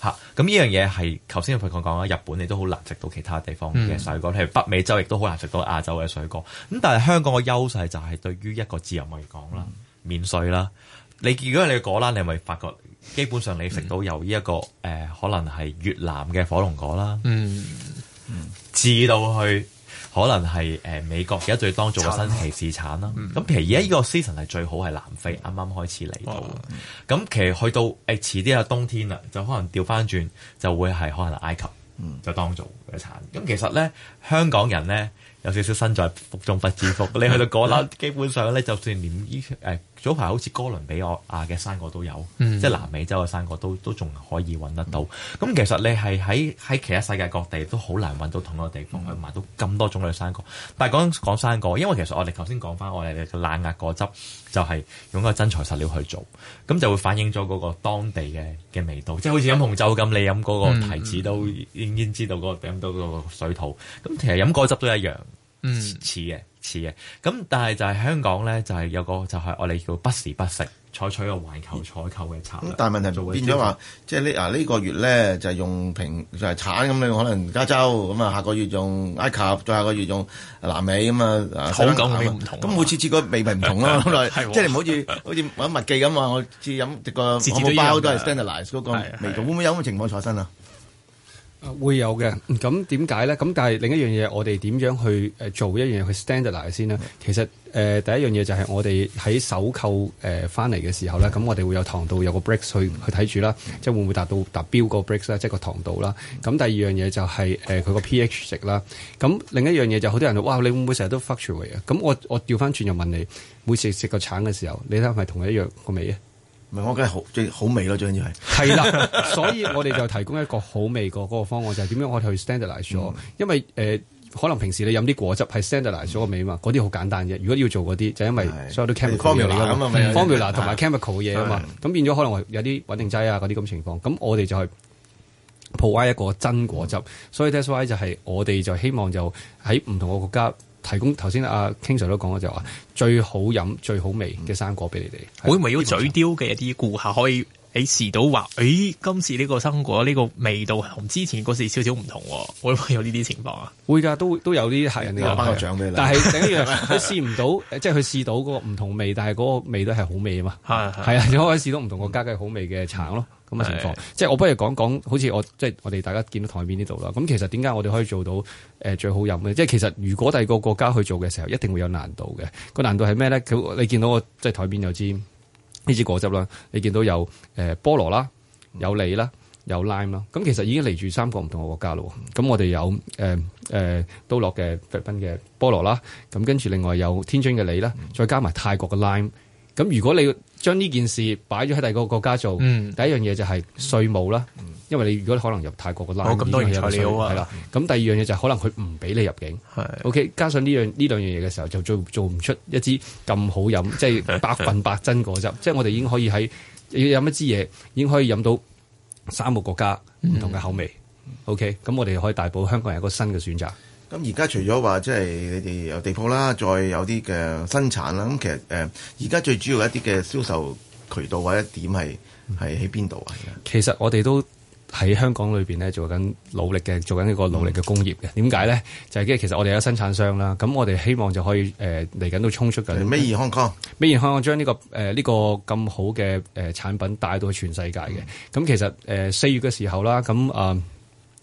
吓！咁呢樣嘢係頭先我同你講啦，日本你都好難食到其他地方嘅水果，譬如、嗯、北美洲亦都好難食到亞洲嘅水果。咁但係香港嘅優勢就係對於一個自由貿易嚟講啦，嗯、免稅啦。你如果係你嘅果啦，你係咪發覺基本上你食到由呢、這、一個誒、嗯呃，可能係越南嘅火龍果啦、嗯，嗯，至到去。可能係誒、呃、美國而家最當造嘅新奇士產啦，咁其實而家呢個 season 係最好係南非啱啱開始嚟到，咁哇其實去到誒、呃、遲啲嘅冬天啦、啊，就可能調翻轉就會係可能埃及就當造嘅產，咁、嗯、其實咧香港人咧有少少身在福中不知福，嗯、你去到嗰度、嗯、基本上咧就算連衣、哎早排好似哥倫比亞嘅水果都有，嗯、即係南美洲嘅水果都都仲可以揾得到。咁、嗯、其實你係喺喺其他世界各地都好難揾到同一個地方去買到咁多種類嘅水果。但係講講水果，因為其實我哋頭先講翻我哋嘅冷壓果汁，就係、是、用個真材實料去做，咁就會反映咗嗰個當地嘅嘅味道。即係好似飲紅酒咁，你飲嗰個提子都已經知道嗰、那個飲、嗯、到嗰個水土。咁其實飲果汁都一樣，嗯、似嘅。似嘅，咁但係就係香港咧，就係有個就係我哋叫不時不食，採取個環球採購嘅策略。但係問題就會變咗話，即係呢啊呢個月咧就係用平就係產咁，你可能加州咁啊，下個月用埃及，up, 再下個月用南美咁啊，口感會唔同。咁嘛每次次個味味唔同咯，即係唔好似好似揾麥記咁話，我次飲食個包都係 standardised 嗰個味道，會唔會有咁嘅情況產生啊？會有嘅，咁點解咧？咁但係另一樣嘢，我哋點樣去誒做一樣嘢去 standardize 先呢？其實誒、呃、第一樣嘢就係我哋喺手購誒翻嚟嘅時候咧，咁我哋會有糖度有個 Brix 去去睇住啦，即係會唔會達到達標個 Brix 咧，即係個糖度啦。咁第二樣嘢就係誒佢個 pH 值啦。咁另一樣嘢就好多人話：哇，你會唔會成日都 fluctuate 啊？咁我我調翻轉又問你，每次食個橙嘅時候，你睇係咪同一樣個味啊？唔係我梗係好最好味咯，最緊要係係啦，所以我哋就提供一個好味個嗰個方案，就係點樣我哋去 standardize 咗，因為誒可能平時你飲啲果汁係 standardize 咗個味啊嘛，嗰啲好簡單嘅。如果要做嗰啲，就因為所有都 chemical 嚟嘅，formula 同埋 chemical 嘅嘢啊嘛，咁變咗可能有啲穩定劑啊嗰啲咁情況，咁我哋就係 provide 一個真果汁。所以 that's why 就係我哋就希望就喺唔同個國家。提供頭先阿 King Sir 都講嘅就話最好飲最好味嘅生果俾你哋，會唔會要嘴刁嘅一啲顧客可以喺試到話，誒、哎、今次呢個生果呢個味道同之前嗰時少少唔同，會唔會有呢啲情況啊？會㗎。是，都都有啲客人，但係整樣佢試唔到，即係佢試到嗰個唔同味，但係嗰個味道都係好味啊嘛，係啊，你、啊、是是可以試到唔同國家嘅好味嘅橙咯。咁嘅情況，的即係我不如講講，好似我即係我哋大家見到台面呢度啦。咁其實點解我哋可以做到誒、呃、最好飲咧？即係其實如果第二個國家去做嘅時候，一定會有難度嘅。個難度係咩咧？佢你見到我即係台面有支呢支果汁啦，你見到有誒、呃、菠蘿啦，有梨啦，有 lime 啦。咁其實已經嚟住三個唔同嘅國家啦。咁我哋有誒誒、呃呃、都樂嘅菲律賓嘅菠蘿啦，咁跟住另外有天津嘅梨啦，再加埋泰國嘅 lime。咁如果你將呢件事擺咗喺第二個國家做，嗯、第一樣嘢就係稅務啦，嗯、因為你如果你可能入泰國嗰拉、哦，咁多嘢材料係啦。咁第二樣嘢就可能佢唔俾你入境。是 o、okay? k 加上呢樣呢兩樣嘢嘅時候，就做做唔出一支咁好飲，即係百分百真果汁。即係我哋已經可以喺要飲一支嘢，已經可以飲到三個國家唔同嘅口味。嗯、OK，咁我哋可以大補香港人有一個新嘅選擇。咁而家除咗話即係你哋有地鋪啦，再有啲嘅生產啦，咁其實誒而家最主要一啲嘅銷售渠道或者點係係喺邊度啊？嗯、其實我哋都喺香港裏邊咧做緊努力嘅，做緊呢個努力嘅工業嘅。點解咧？就係、是、因為其實我哋有生產商啦，咁我哋希望就可以誒嚟緊都衝出緊。美宜康康，美宜康康將呢、這個誒呢個咁好嘅誒產品帶到去全世界嘅。咁、嗯嗯、其實誒四、呃、月嘅時候啦，咁、嗯、啊。嗯嗯嗯嗯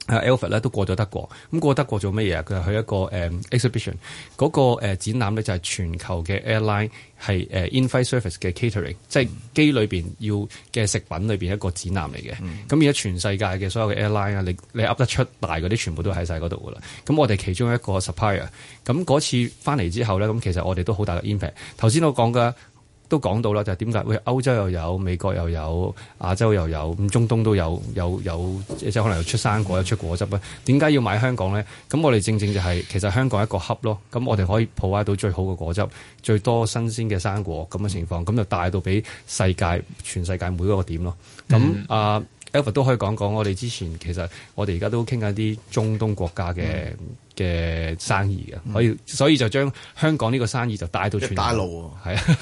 阿 Albert 咧都過咗德國，咁過德國做乜嘢啊？佢去一個誒、um, exhibition，嗰個展覽咧就係全球嘅 airline 係誒 in-flight service 嘅 catering，即係機裏邊要嘅食品裏邊一個展覽嚟嘅。咁而家全世界嘅所有嘅 airline 啊，你你 up 得出大嗰啲全部都喺晒嗰度噶啦。咁我哋其中一個 supplier，咁嗰次翻嚟之後咧，咁其實我哋都好大嘅 impact。頭先我講嘅。都講到啦，就係點解？喂，歐洲又有，美國又有，亞洲又有，咁中東都有，有有即係、就是、可能有出生果，有出果汁啊？點解要買香港咧？咁我哋正正就係、是、其實香港一個 hub 咯，咁我哋可以把握到最好嘅果汁，最多新鮮嘅生果咁嘅情況，咁就帶到俾世界全世界每一個點咯。咁啊 Albert 都可以講講，我哋之前其實我哋而家都傾緊啲中東國家嘅。嗯嘅生意嘅、嗯，所以所以就將香港呢個生意就帶到全大陸，啊，係啊，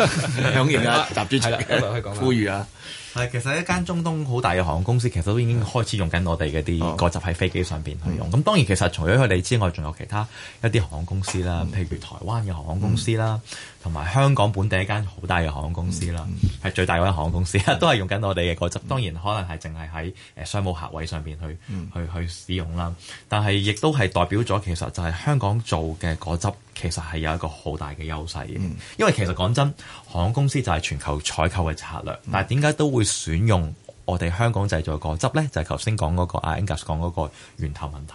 響而家集珠出嚟了，今日 可以講啊。 係，其實一間中東好大嘅航空公司，其實都已經開始用緊我哋嘅啲果汁喺飛機上邊去用。咁、嗯、當然，其實除咗佢哋之外，仲有其他一啲航空公司啦，嗯、譬如台灣嘅航空公司啦，同埋、嗯、香港本地一間好大嘅航空公司啦，係、嗯、最大嗰間航空公司，都係用緊我哋嘅果汁。嗯、當然，可能係淨係喺誒商務客位上邊去去、嗯、去使用啦，但係亦都係代表咗，其實就係香港做嘅果汁。其實係有一個好大嘅優勢嘅，因為其實講真，航空公司就係全球採購嘅策略。但係點解都會選用我哋香港製造嘅果汁呢？就係頭先講嗰個阿 Angus 講嗰個源頭問題。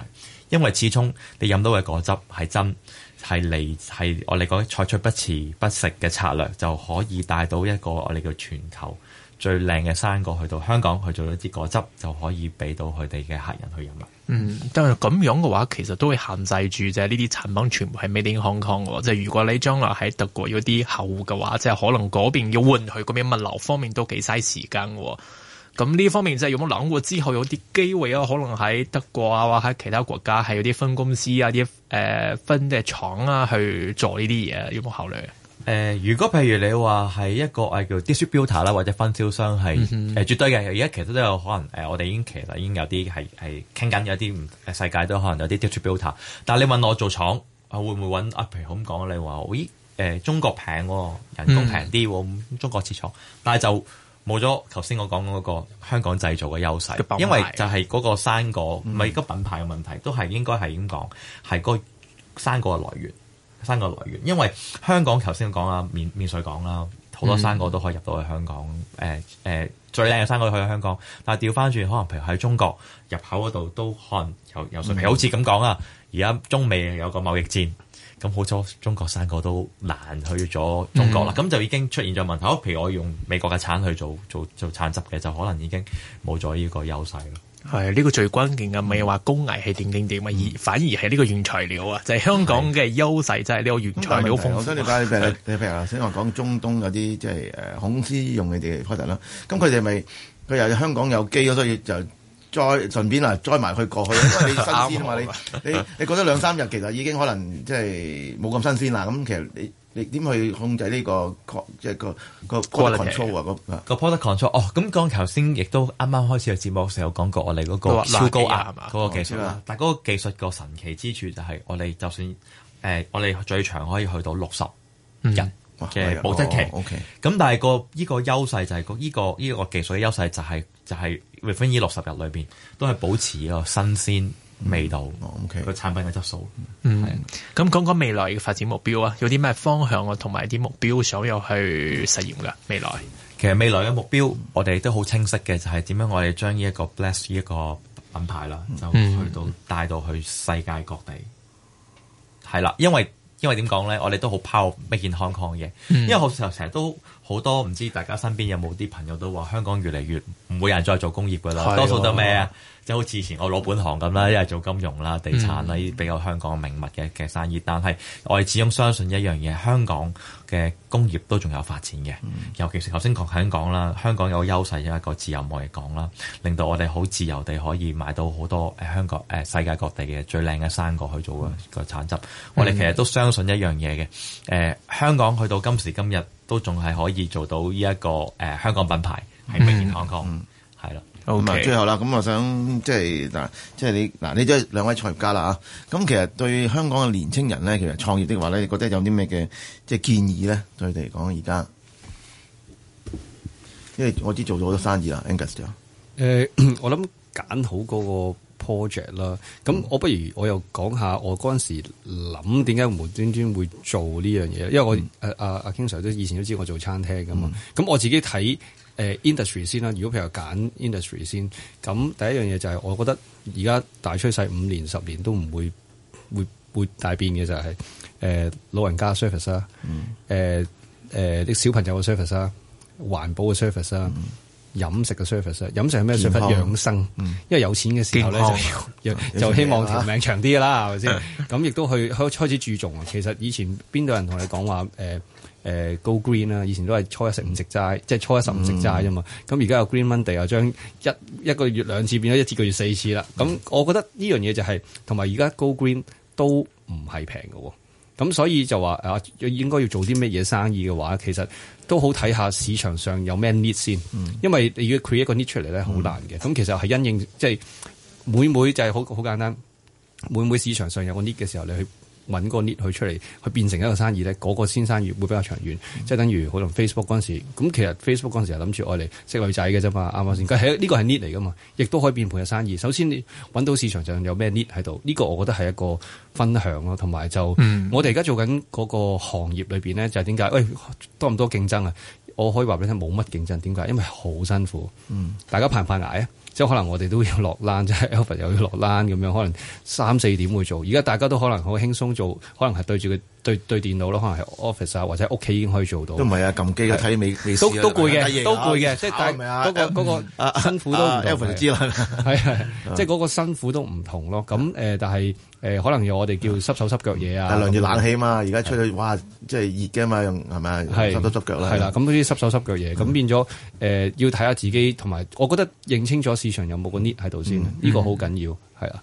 因為始終你飲到嘅果汁係真係嚟係我哋講採取不時不食嘅策略，就可以帶到一個我哋叫全球最靚嘅生果去到香港去做一啲果汁，就可以俾到佢哋嘅客人去飲啦。嗯，但係咁樣嘅話，其實都會限制住啫。呢啲產品全部係 made in Hong Kong 嘅，即係如果你將來喺德國有啲客戶嘅話，即係可能嗰邊要換去嗰邊，物流方面都幾嘥時間。咁呢方面即係有冇諗過之後有啲機會啊？可能喺德國啊，或者喺其他國家係有啲分公司，呃、分啊，啲誒分嘅廠啊去做呢啲嘢，有冇考慮？誒、呃，如果譬如你話係一個誒、啊、叫 distributor 啦，或者分銷商係誒絕對嘅。而家、mm hmm. 呃、其實都有可能誒、呃，我哋已經其實已經有啲係係傾緊，有啲唔世界都可能有啲 distributor。但係你問我做廠，我、啊、會唔會揾？啊，譬如咁講，你話，咦、哎？誒、呃，中國平喎、哦，人工平啲，mm hmm. 中國設廠，但係就冇咗頭先我講嗰個香港製造嘅優勢，因為就係嗰個生果唔係個品牌嘅問題，都係應該係咁講，係個生果嘅來源。生果來源，因為香港頭先講啊，免免稅港啦，好多生果都可以入到去香港。誒誒、嗯呃，最靚嘅生果去香港。但係調翻轉，可能譬如喺中國入口嗰度都可能有有水平。譬、嗯、好似咁講啊，而家中美有個貿易戰，咁好多中國生果都難去咗中國啦。咁、嗯、就已經出現咗問題。譬如我用美國嘅橙去做做做橙汁嘅，就可能已經冇咗呢個優勢咯。係呢、哎這個最關鍵嘅，咪係話工藝係點點點啊，而反而係呢個原材料啊，就係、是、香港嘅優勢，就係呢個原材料豐富。我想你譬 如，你譬如先話講中東有啲即係誒，孔斯用嘅 product 啦，咁佢哋咪佢又香港有機所以就再順便啊，載埋去過去，因為你新鮮啊嘛， 你 你你覺得兩三日，其實已經可能即係冇咁新鮮啦。咁其實你。你點去控制呢、呢個即係、呢個個,個 product control 啊、嗯？個個 product control 哦，咁剛頭先亦都啱啱開始嘅節目時候講過我哋嗰個超高壓嗰個技術啦。但係嗰個技術個神奇之處就係我哋就算誒、呃，我哋最長可以去到六十日嘅保質期。O K. 咁但係個呢個優勢就係個呢個呢個技術嘅優勢就係、是、就係、是、within 呢六十日裏邊都係保持一個新鮮。味道，OK，個產品嘅質素。嗯，咁講講未來嘅發展目標啊，有啲咩方向啊，同埋啲目標想要去實現噶？未來，嗯、其實未來嘅目標我哋都好清晰嘅，就係點樣我哋將呢一個 Bless 一個品牌啦，就去到帶、嗯、到去世界各地。係啦，因為因為點講咧，我哋都好拋咩健康抗嘢，因為好時候成日都好多，唔知大家身邊有冇啲朋友都話香港越嚟越唔會有人再做工業噶啦，多數都咩啊？嗯即係好似以前我老本行咁啦，因為做金融啦、地產啦，嗯、比較香港名物嘅嘅生意。但係我哋始終相信一樣嘢，香港嘅工業都仲有發展嘅。嗯、尤其是頭先講香港啦，香港有優勢，有一個自由貿易港啦，令到我哋好自由地可以買到好多誒香港誒、啊、世界各地嘅最靚嘅生果去做個個產汁。嗯、我哋其實都相信一樣嘢嘅誒，香港去到今時今日都仲係可以做到呢、這、一個誒、呃、香港品牌係名店香 Okay. 最後啦，咁我想即係嗱，即係你嗱，你都係兩位創業家啦啊！咁其實對香港嘅年青人咧，其實創業的話咧，你覺得有啲咩嘅即係建議咧，對佢哋嚟講而家？因為我知做咗好多生意啦，Angus 長。誒，我諗揀好嗰個。project 啦，咁我不如我又講下我嗰陣時諗點解無端端會做呢樣嘢，因為我誒阿阿 King Sir 都以前都知我做餐廳噶嘛。咁、嗯、我自己睇誒 industry 先啦 Ind。如果譬如揀 industry 先，咁第一樣嘢就係我覺得而家大趨勢五年十年都唔會會會大變嘅就係、是、誒、呃、老人家 service 啦、嗯，誒誒啲小朋友嘅 service 啦，環保嘅 service 啦、嗯。嗯嗯飲食嘅 service 啊，飲食係咩 s e r 康生，因為有錢嘅時候咧，康 就希望條命長啲啦，係咪先？咁亦都去開始注重啊。其實以前邊度人同你講話誒誒 Go Green 啦，以前都係初一食唔食齋，嗯、即係初一十五食齋啫嘛。咁而家有 Green Monday 又將一一個月兩次變咗一節個月四次啦。咁、嗯、我覺得呢樣嘢就係同埋而家 Go Green 都唔係平嘅喎。咁所以就話啊，應該要做啲咩嘢生意嘅話，其實。都好睇下市場上有咩 need 先，嗯、因為你要 create 一個 need 出嚟咧，好難嘅。咁、嗯、其實係因應，即係每每，會就係好好簡單？每每市場上有個 need 嘅時候，你去，揾個 need 出嚟，去變成一個生意咧，嗰、嗰個先生意會比較長遠，嗯、即係等於可能 Facebook 嗰陣時，咁其實 Facebook 嗰陣時就諗住愛嚟識女仔嘅啫嘛，啱啱先，佢係呢個係 need 嚟噶嘛，亦都可以變盤嘅生意。首先你揾到市場上有咩 need 喺度，呢、呢個我覺得係一個分享咯，同埋就、嗯、我哋而家做緊嗰個行業裏邊咧，就係點解？喂，多唔多競爭啊？我可以話俾你聽，冇乜競爭，點解？因為好辛苦，嗯、大家怕唔怕捱啊？即係可能我哋都要落欄，即係 Albert 又要落欄咁樣，可能三四點會做。而家大家都可能好輕鬆做，可能係對住佢。對對電腦咯，可能係 office 啊，或者屋企已經可以做到。都唔係啊，撳機啊，睇未都都攰嘅，都攰嘅。即係但係嗰個嗰辛苦都知啦，係即係嗰個辛苦都唔同咯。咁誒，但係誒，可能有我哋叫濕手濕腳嘢啊。係涼住冷氣嘛，而家出去哇，即係熱嘅嘛，用係咪啊？係濕手濕腳啦。係啦，咁嗰啲濕手濕腳嘢，咁變咗誒，要睇下自己同埋，我覺得認清楚市場有冇個 need 喺度先，呢個好緊要係啊。